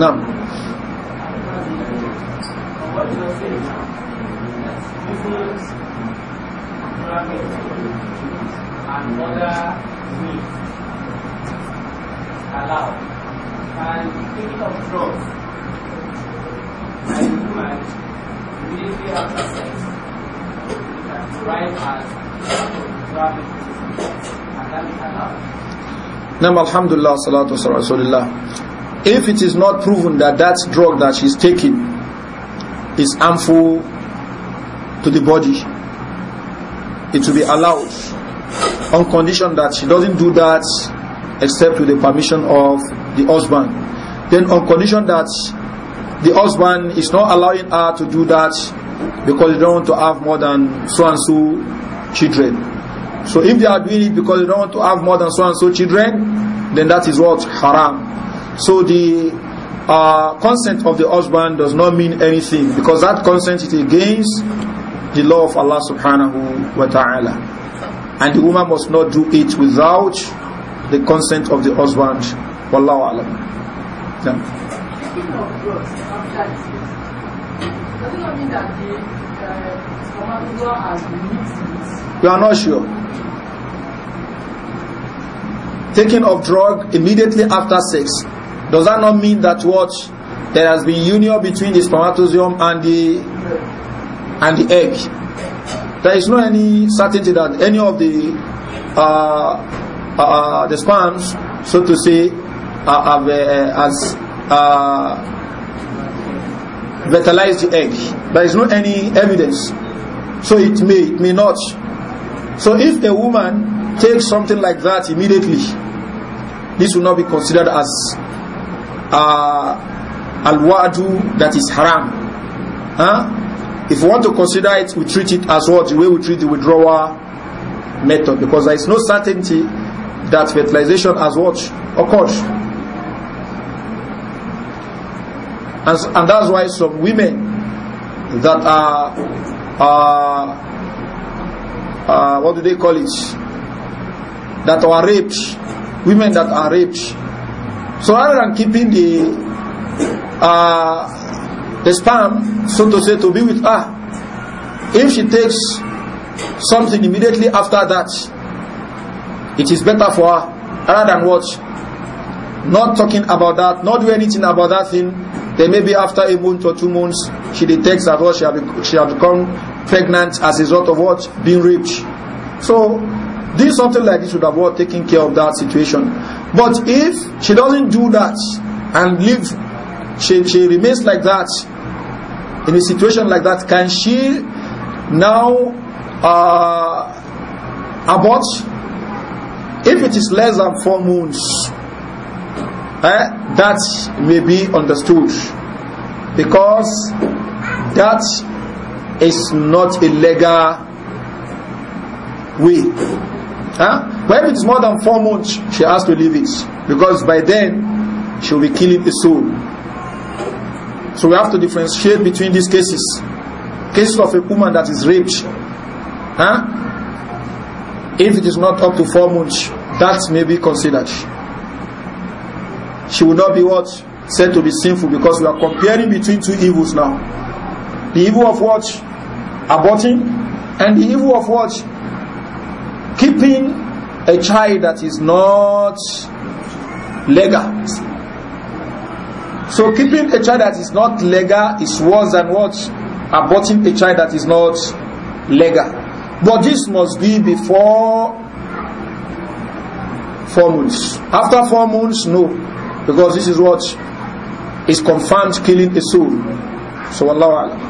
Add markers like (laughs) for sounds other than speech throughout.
نعم. نعم نعم الحمد لله والصلاه والسلام على رسول الله if it is not proven that that drug that she's taking is harmful to the body, it will be allowed on condition that she doesn't do that except with the permission of the husband. Then on condition that the husband is not allowing her to do that because they don't want to have more than so and so children. So if they are doing it because they don't want to have more than so and so children, then that is what? Haram. So the uh, consent of the husband does not mean anything because that consent is against the law of Allah subhanahu wa ta'ala. And the woman must not do it without the consent of the husband. Wallahu alam. Yeah. We uh, are not sure. Taking of drug immediately after sex does that not mean that what there has been union between the spermatozoon and the and the egg? There is no any certainty that any of the uh, uh, uh the sperms, so to say, uh, have uh, as uh, fertilized the egg. There is no any evidence. So it may, it may not. So if a woman takes something like that immediately, this will not be considered as uh, al-wa'du is haram. Huh? If we want to consider it, we treat it as what? The way we treat the withdrawal method. Because there is no certainty that fertilization has what? Occurred. And, and that's why some women that are, uh, uh, what do they call it? That are raped. Women that are raped so rather than keeping the uh, the sperm, so to say, to be with her, if she takes something immediately after that, it is better for her rather than what? Not talking about that, not do anything about that thing. Then maybe after a month or two months, she detects that what oh, she has she has become pregnant as a result of what being raped. So, this something like this would have what taken care of that situation. But if she doesn't do that and live, she, she remains like that, in a situation like that, can she now uh, abort? If it is less than four moons, eh, that may be understood because that is not a legal way Huh? When it's more than four months, she has to leave it. Because by then, she will be killing the soul. So we have to differentiate between these cases. Cases of a woman that is raped. Huh? If it is not up to four months, that may be considered. She will not be what? Said to be sinful because we are comparing between two evils now. The evil of what? Aborting and the evil of what? keeping a child that is not legal. So keeping a child that is not legal is worse than what aborting a child that is not legal. But this must be before four months. After four months, no. Because this is what is confirmed killing a soul. So Allah Allah.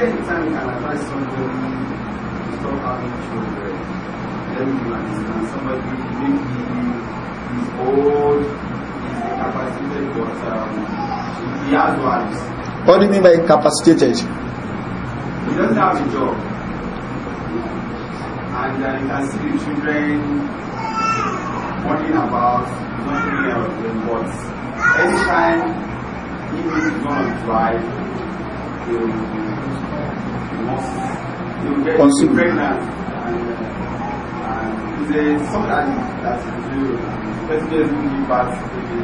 Take time and advise somebody having children. Somebody maybe is old, is incapacitated, but um, he has What do you mean by incapacitated? He doesn't have a job. And uh, you can see the children wondering about nothing else but what. Anytime he is going to drive, you, you, Consume. pregnant and, and there's that is, that give birth maybe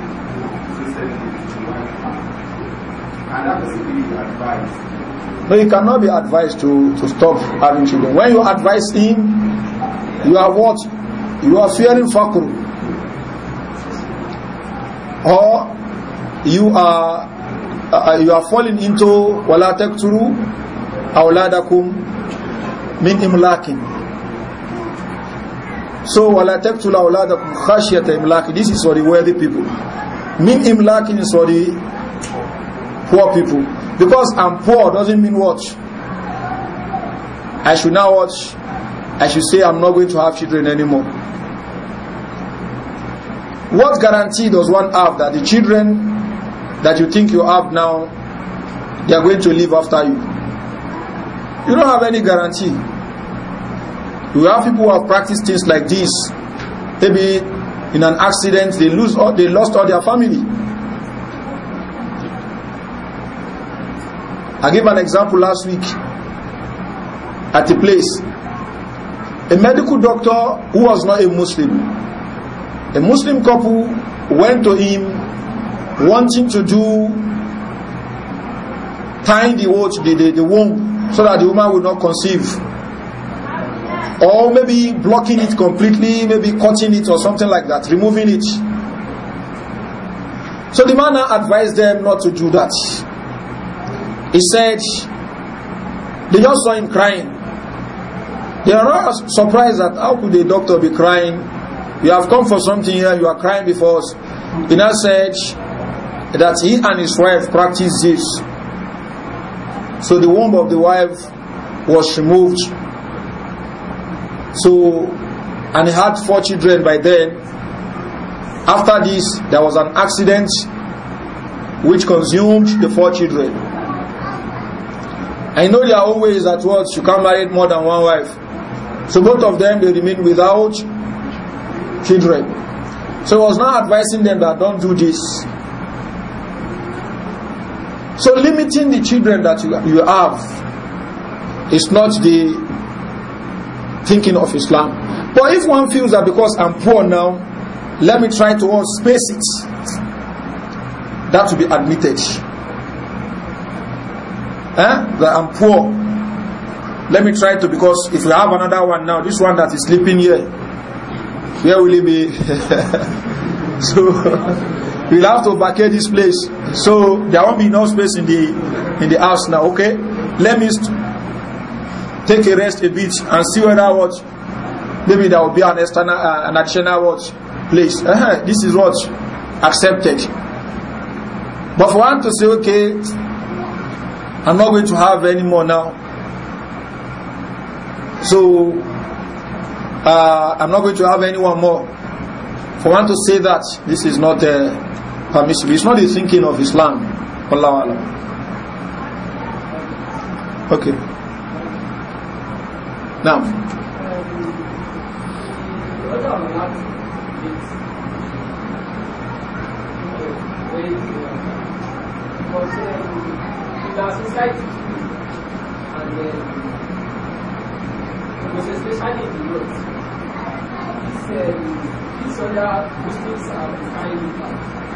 sincerely to one you cannot be advised to, to stop having children. When you advise him, you are what? You are fearing fakr. Or you are Uh, uh, you are falling into wala taqtulu awladakum min imlakin so wala taqtulu awladakum khashyata imlakin this is for the wealthy people min imlakin is for the poor people because I'm poor doesn't mean what I should now watch I should say I'm not going to have children anymore what guarantee does one have that the children that you think you have now, they are going to live after you. You don't have any guarantee. You have people who have practiced things like this. Maybe in an accident, they lose all, they lost all their family. I gave an example last week at a place. A medical doctor who was not a Muslim, a Muslim couple went to him wanting to do tying the watch, the, the, the womb, so that the woman will not conceive. Or maybe blocking it completely, maybe cutting it or something like that, removing it. So the man advised them not to do that. He said, they just saw him crying. They are not surprised that how could the doctor be crying? You have come for something here, you are crying before us. He now said, that he and his wife practiced this. So the womb of the wife was removed. So, and he had four children by then. After this, there was an accident which consumed the four children. I know there are always at once you can't marry more than one wife. So both of them they remain without children. So I was now advising them that don't do this. So limiting the children that you, you have is not the thinking of Islam. But if one feels that because I'm poor now, let me try to space it, that will be admitted. Eh? That I'm poor. Let me try to, because if we have another one now, this one that is sleeping here, where will he be? (laughs) so, We'll have to vacate this place. So there won't be no space in the in the house now. Okay, let me take a rest a bit and see whether what maybe there will be an external uh, an additional what place. Uh -huh. This is what accepted. But for one to say, okay, I'm not going to have any more now. So uh, I'm not going to have anyone more. For one to say that, this is not uh, permissible. It's not the thinking of Islam. Allah Allah. Okay. Now. Muslims are carrying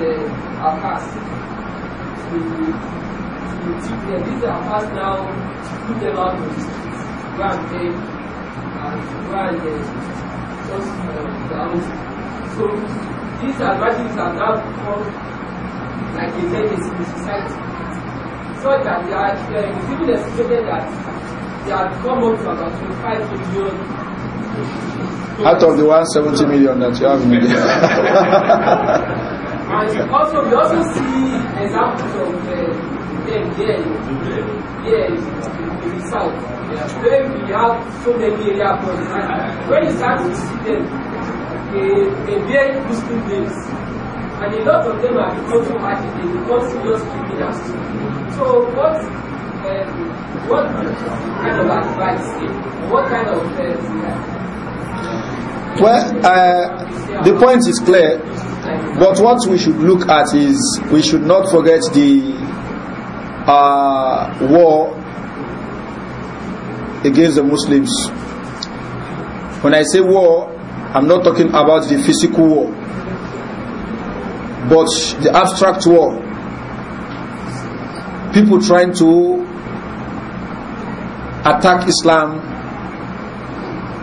the our past. We, we took them, these are past now, put them out on the streets, go and pay, and go uh, uh, So these advantages have now become like a very in society. So that they are, uh, it's even estimated that they have come up to about twenty five million out of the one seventy million that you have in India. (laughs) And also, we also see examples of uh, them there. Yes, in the south. Today we have so many area problems. When you start to see them, they, they bear Christian names. And a lot of them are because of attitude, because serious criminals. So what um, what kind of advice, what kind of uh, well, uh, the point is clear. But what we should look at is we should not forget the uh, war against the Muslims. When I say war, I'm not talking about the physical war, but the abstract war. People trying to attack Islam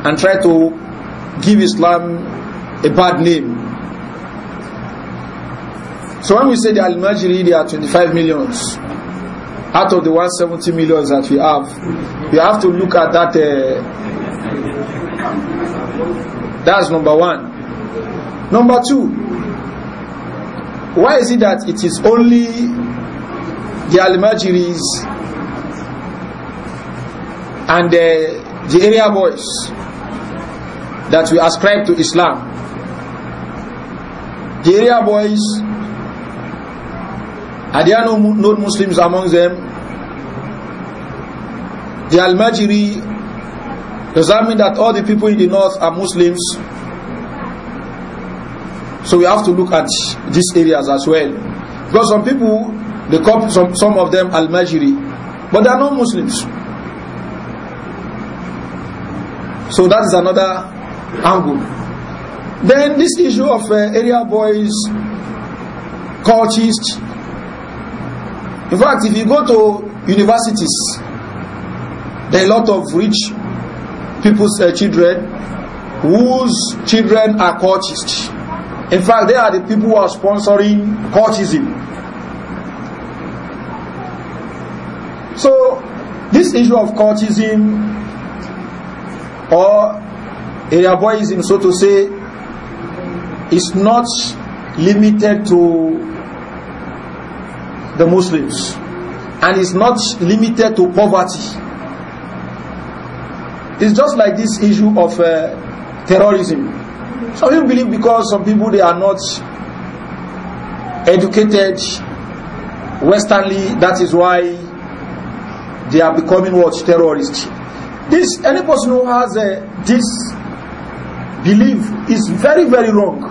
and try to give Islam a bad name so when we say the Al-Majri, there are 25 millions out of the 170 millions that we have. You have to look at that. Uh, that's number one. Number two, why is it that it is only the Al-Majiris and uh, the area boys that we ascribe to Islam? The area boys and there are no non-Muslims among them. The Al-Majiri, does that mean that all the people in the north are Muslims? So we have to look at these areas as well. Because some people, they call some, some of them Al-Majiri, but they are not Muslims. So that is another angle. Then this issue of uh, area boys, cultists, In fact, if you go to universities, there are a lot of rich people's uh, children whose children are courtised. In fact, they are the people who are sponsoring courtism. So, this issue of courtism or area boyism, so to say, is not limited to the Muslims. And it's not limited to poverty. It's just like this issue of uh, terrorism. Some people believe because some people they are not educated westernly, that is why they are becoming what? Terrorists. This, any person who has uh, this belief is very, very wrong.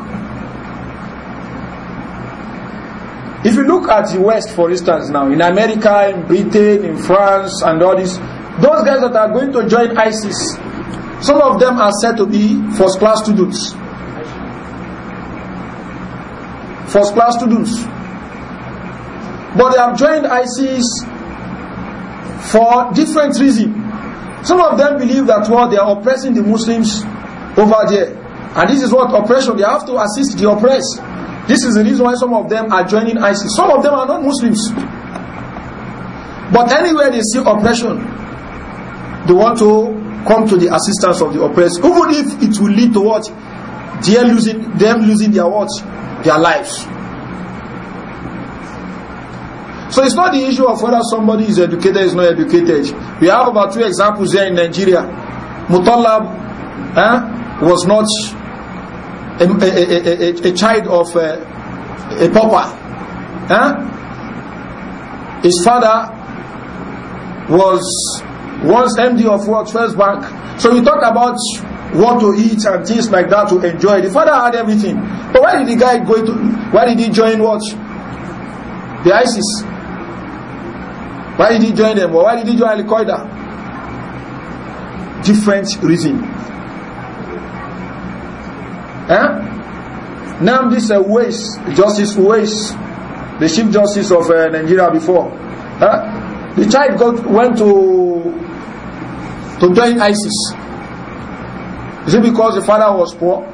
If you look at the West, for instance, now, in America, in Britain, in France, and all this, those guys that are going to join ISIS, some of them are said to be first class students. First class students. But they have joined ISIS for different reasons. Some of them believe that what well, they are oppressing the Muslims over there. And this is what oppression, they have to assist the oppressed. This is the reason why some of them are joining ISIS. Some of them are not Muslims. But anywhere they see oppression, they want to come to the assistance of the oppressed, even if it will lead to what? They losing, them losing their what? Their lives. So it's not the issue of whether somebody is educated or is not educated. We have about two examples here in Nigeria. Mutallab eh, was not a, child of a, uh, a pauper. Huh? His father was once MD of what First Bank. So he talked about what to eat and things like that to enjoy. The father had everything. But why did the guy go to why did he join what? The ISIS. Why did he join them? Or why did he join Al Qaeda? Different reason. Eh? Now this a waste, Justice Waste, the Chief Justice of uh, Nigeria before. Eh? The child got, went to to join ISIS. Is it because the father was poor?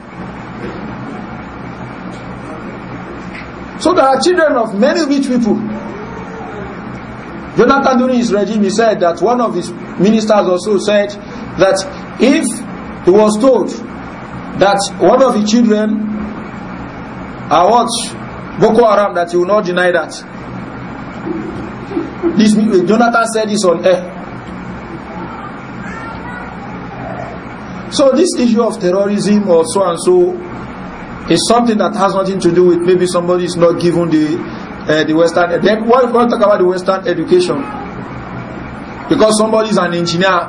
So there are children of many rich people. Jonathan during his regime, he said that one of his ministers also said that if he was told that one of the children are what? Boko Haram, that you will not deny that. This Jonathan said this on air. So this issue of terrorism or so and so is something that has nothing to do with maybe somebody is not given the uh, the Western. Then why we talk about the Western education? Because somebody is an engineer,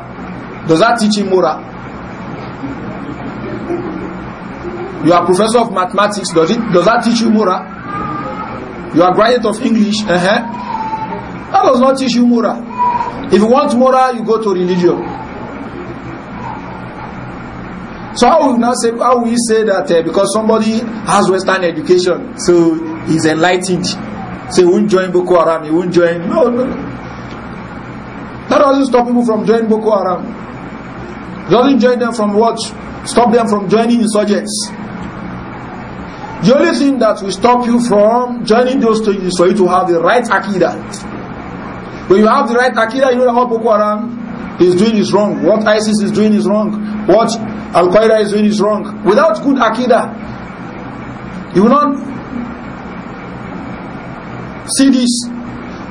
does that teach him moral? You are professor of mathematics. Does it does that teach you moral? You are graduate of English. Uh -huh. That does not teach you moral. If you want moral, you go to religion. So how will now say how we say that uh, because somebody has Western education, so he's enlightened. So he won't join Boko Haram. He won't join. No, no. That doesn't stop people from joining Boko Haram. doesn't join them from what stop them from joining insurgents. The only thing that will stop you from joining those stages is for you to have the right akida. When you have the right akida, you know that what Boko Haram is doing is wrong, what ISIS is doing is wrong, what Al Qaeda is doing is wrong. Without good akida, you will not see this.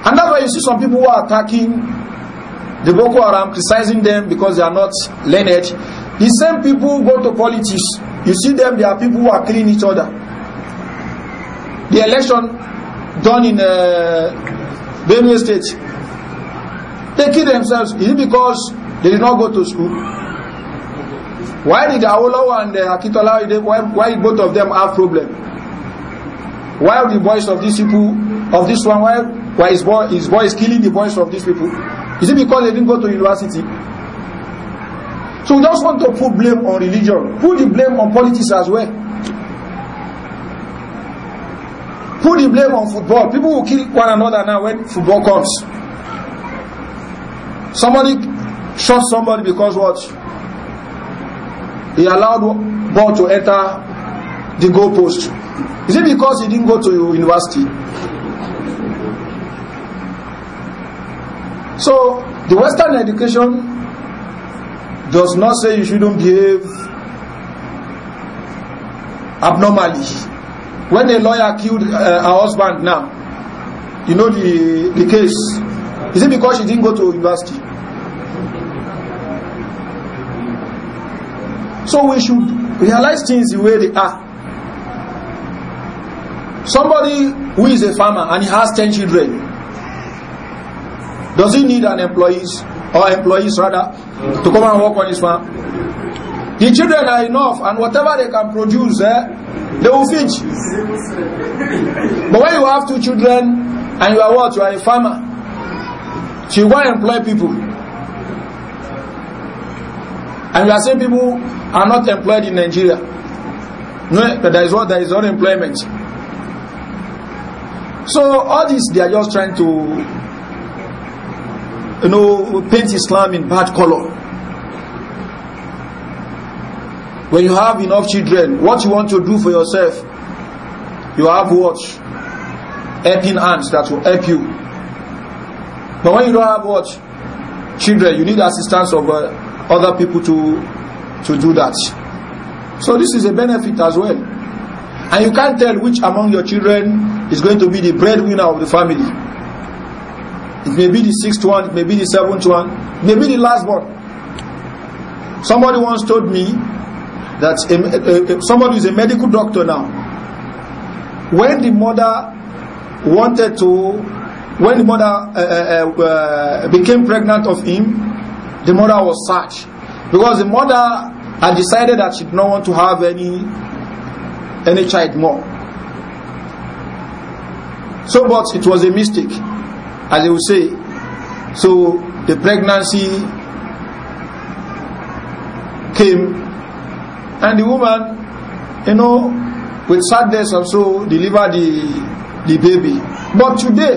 And that's why you see some people who are attacking the Boko Haram, criticizing them because they are not learned. The same people go to politics, you see them, there are people who are killing each other. The election done in uh, Benue State, they kill themselves. Is it because they did not go to school? Why did Awolowo and uh, Akitola, why, why both of them have problem? Why the voice of these people, of this one, why, why his, boy, his boy is killing the voice of these people? Is it because they didn't go to university? So we just want to put blame on religion. Put the blame on politics as well. Put the blame on football. People will kill one another now when football comes. Somebody shot somebody because what? He allowed ball to enter the goalpost. Is it because he didn't go to university? So the Western education does not say you shouldn't behave abnormally. When a lawyer killed uh, her husband now, you know the, the case. Is it because she didn't go to university? So we should realize things the way they are. Somebody who is a farmer and he has 10 children, does he need an employees or employees rather to come and work on his farm. The children are enough, and whatever they can produce, eh, they will feed. But when you have two children, and you are what? You are a farmer. So you want to employ people. And you are saying people are not employed in Nigeria. No, but there is what? There is unemployment. So all this, they are just trying to you know, paint Islam in bad color. When you have enough children, what you want to do for yourself, you have what? Helping hands that will help you. But when you don't have what? Children, you need assistance of uh, other people to, to do that. So this is a benefit as well. And you can't tell which among your children is going to be the breadwinner of the family. It may be the sixth one, it may be the seventh one, it may be the last one. Somebody once told me that a, a, a, somebody is a medical doctor now. When the mother wanted to, when the mother uh, uh, uh, uh became pregnant of him, the mother was such because the mother had decided that she did not want to have any any child more. So, but it was a mistake. as they would say. So the pregnancy came, and the woman, you know, with sadness also delivered the, the baby. But today,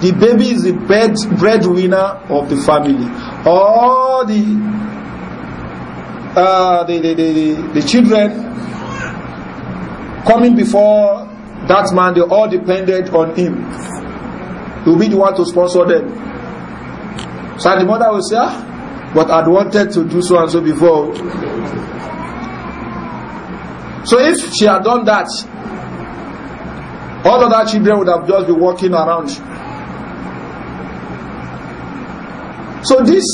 the baby is the bread, breadwinner of the family. All the, uh, the, the, the, the children coming before that man, they all depended on him. You'll be the one to sponsor them. So the mother will say, ah, but I'd wanted to do so and so before. So if she had done that, all of that children would have just been walking around. So this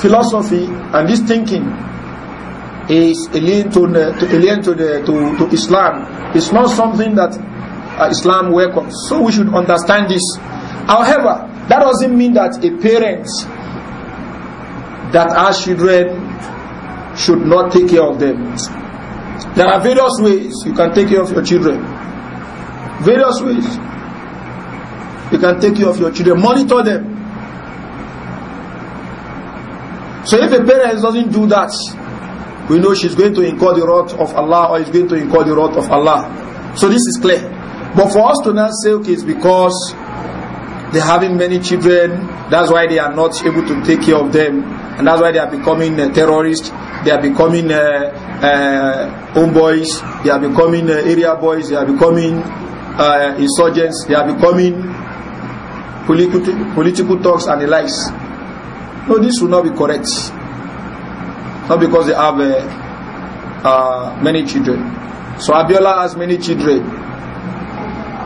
philosophy and this thinking is alien to, the, to, alien to, the, to, to Islam. It's not something that uh, Islam welcomes. So we should understand this. However, that doesn't mean that a parent that our children should not take care of them. There are various ways you can take care of your children. Various ways you can take care of your children. Monitor them. So if a parent doesn't do that, we know she's going to incur the wrath of Allah or is going to incur the wrath of Allah. So this is clear. But for us to not say, okay, it's because they're having many children, that's why they are not able to take care of them, and that's why they are becoming uh, terrorists, they are becoming uh, uh, homeboys, they are becoming uh, area boys, they are becoming uh, insurgents, they are becoming political, political talks and the likes. No, this will not be correct. Not because they have uh, uh many children. So Abiola has many children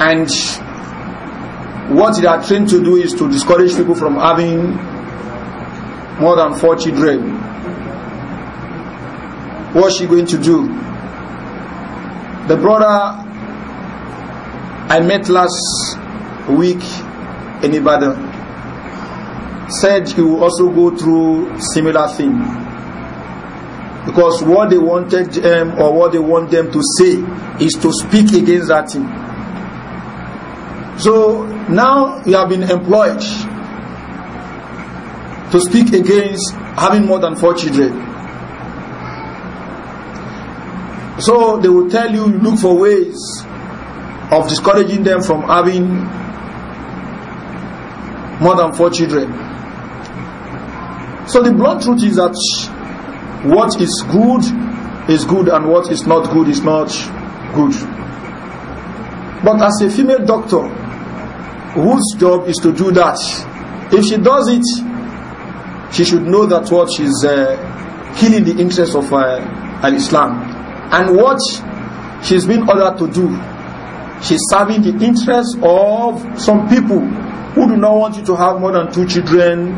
And what they are trained to do is to discourage people from having more than four children. What's she going to do? The brother I met last week in Ibadan said he will also go through similar thing because what they wanted them um, or what they want them to say is to speak against that thing so now you have been employed to speak against having more than four children. So they will tell you, look for ways of discouraging them from having more than four children. So the blunt truth is that what is good is good and what is not good is not good. But as a female doctor, whose job is to do that. If she does it, she should know that what she's uh, killing the interest of uh, al-Islam. And what she's been ordered to do, she's serving the interest of some people who do not want you to have more than two children,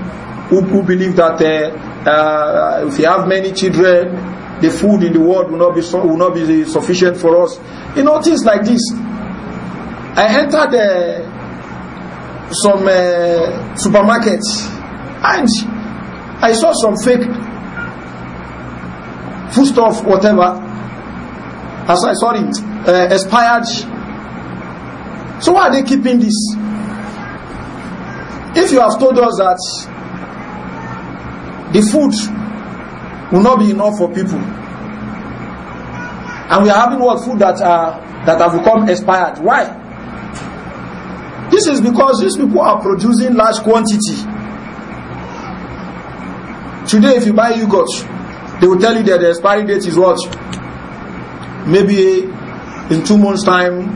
who, who believe that uh, uh, if you have many children, the food in the world will not be will not be sufficient for us. You know things like this. I entered uh, some uh, supermarkets and I saw some fake foodstuff, whatever. As I saw it, uh, expired. So why are they keeping this? If you have told us that the food will not be enough for people, and we are having what food that are that have become expired, why? This is because these people are producing large quantity. Today, if you buy yogurt, they will tell you that the expiry date is what? Maybe in two months' time.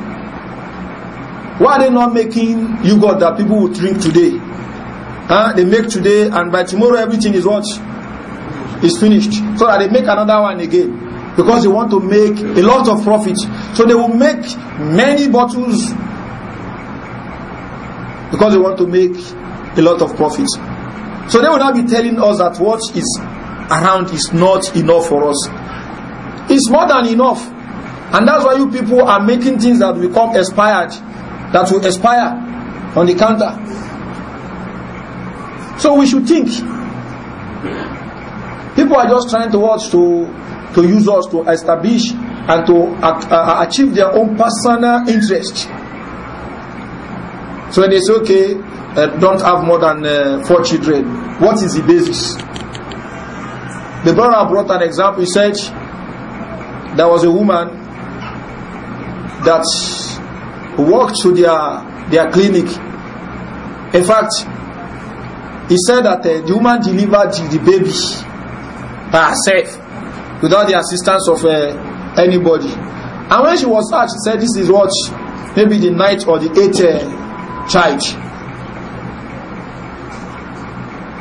Why are they not making yogurt that people will drink today? Huh? They make today, and by tomorrow, everything is what? Is finished. So that they make another one again. Because they want to make a lot of profit. So they will make many bottles because they want to make a lot of profits. So they will not be telling us that what is around is not enough for us. It's more than enough. And that's why you people are making things that become expired, that will expire on the counter. So we should think. People are just trying to watch to to use us to establish and to uh, achieve their own personal interest. So when they say, okay, uh, don't have more than uh, four children, what is the basis? The brother brought an example. He said, there was a woman that walked to their, their clinic. In fact, he said that uh, the woman delivered the, the baby by herself without the assistance of uh, anybody. And when she was asked, she said, this is what, maybe the ninth or the eighth uh, child.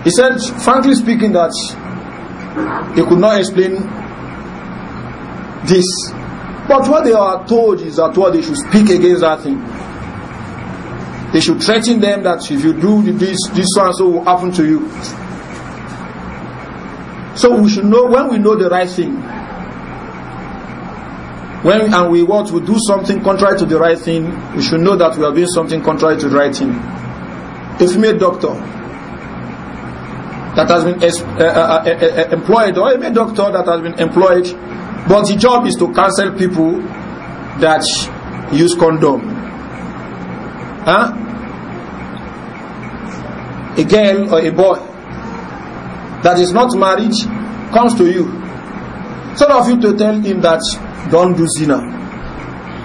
He said, frankly speaking, that he could not explain this. But what they are told is that what they should speak against that thing. They should threaten them that if you do this, this so and so will happen to you. So we should know when we know the right thing, when and we what we do something contrary to the right thing, we should know that we are doing something contrary to the right thing. If you're A doctor that has been uh, uh, uh, employed, or a doctor that has been employed, but the job is to cancel people that use condom. Huh? a girl or a boy that is not married comes to you. Some of you to tell him that don't do zina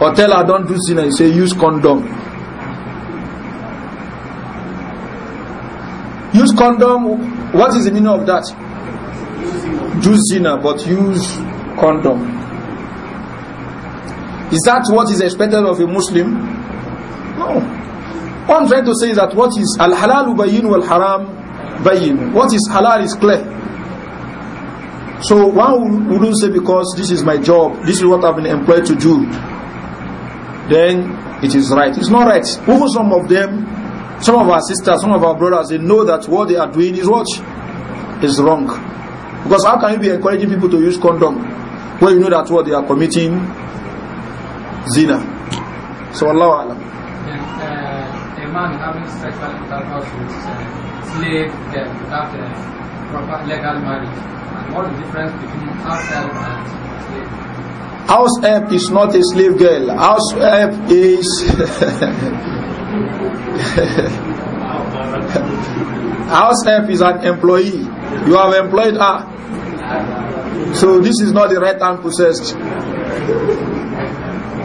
or tell her don't do zina you say use condom use condom what is the meaning of that do zina but use condom is that what is expected of a muslim no what i'm trying to say is that what is al halal bayin wal haram bayin what is halal is clear So why would you say because this is my job, this is what I've been employed to do, then it is right. It's not right. Over some of them, some of our sisters, some of our brothers, they know that what they are doing is what? Is wrong. Because how can you be encouraging people to use condom when you know that what they are committing? Zina. So Allah Allah. Uh, a man having sexual intercourse with uh, slave without a proper legal marriage what is the difference between house and slave? House is not a slave girl. House is. (laughs) House is an employee. You have employed her. So this is not the right hand possessed.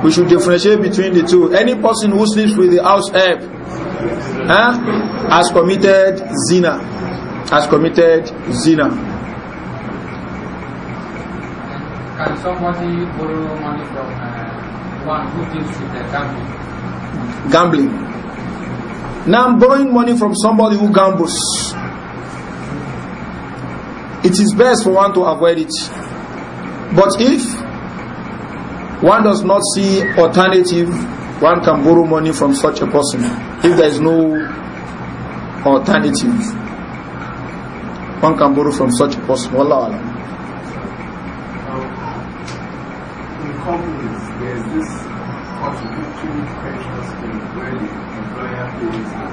We should differentiate between the two. Any person who sleeps with the house help eh, has committed zina. Has committed zina can somebody borrow money from uh, one who deals with gambling? Gambling. Now I'm borrowing money from somebody who gambles. It is best for one to avoid it. But if one does not see alternative, one can borrow money from such a person if there is no alternative. One can borrow from such a person. Wallah, pensions where the employer pays and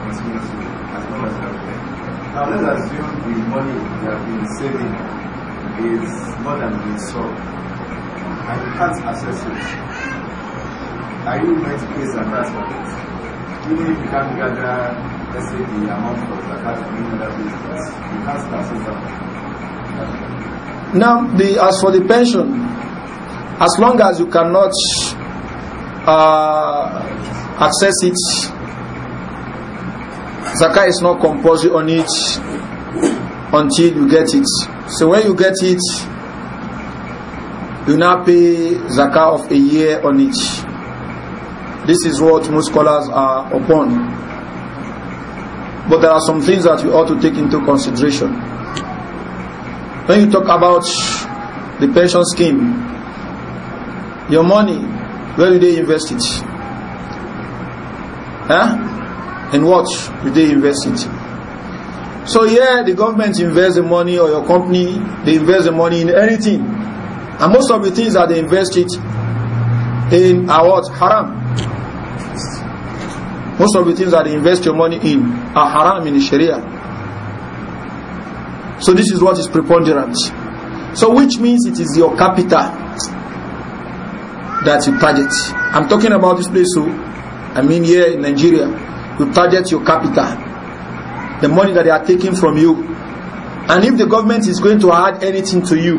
continuously as long as are there. Now let's assume the money you have been saving is more than the sum and you can't access it. Are you going to pay some tax it? Even if you can't gather, let's say, the amount of the account from other business, you can't that. Now, the, as for the pension, as long as you cannot uh, access it. Zakah is not compulsory on it until you get it. So when you get it, you now pay zakah of a year on it. This is what most scholars are upon. But there are some things that you ought to take into consideration. When you talk about the pension scheme, your money where did they invest it? Huh? In what did they invest it? So yeah, the government invests the money or your company, they invest the money in anything. And most of the things that they invest it in are what? Haram. Most of the things that they invest your money in are haram in Sharia. So this is what is preponderant. So which means it is your capital that you target. I'm talking about this place, so I mean here in Nigeria, you target your capital, the money that they are taking from you. And if the government is going to add anything to you,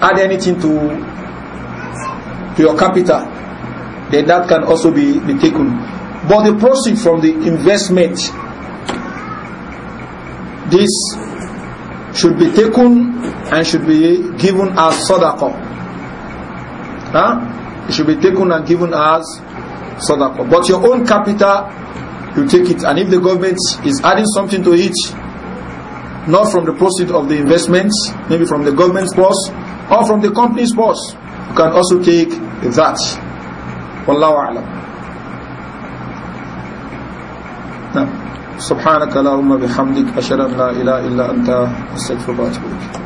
add anything to to your capital, then that can also be, be taken. But the proceeds from the investment, this should be taken and should be given as sadaqah Huh? It should be taken and given as sadaqah. But your own capital, you take it. And if the government is adding something to it, not from the proceeds of the investments, maybe from the government's boss or from the company's boss, you can also take that. Wallahu alam. Subhanaka اللهم bihamdik أشهد la ilaha إله إلا أنت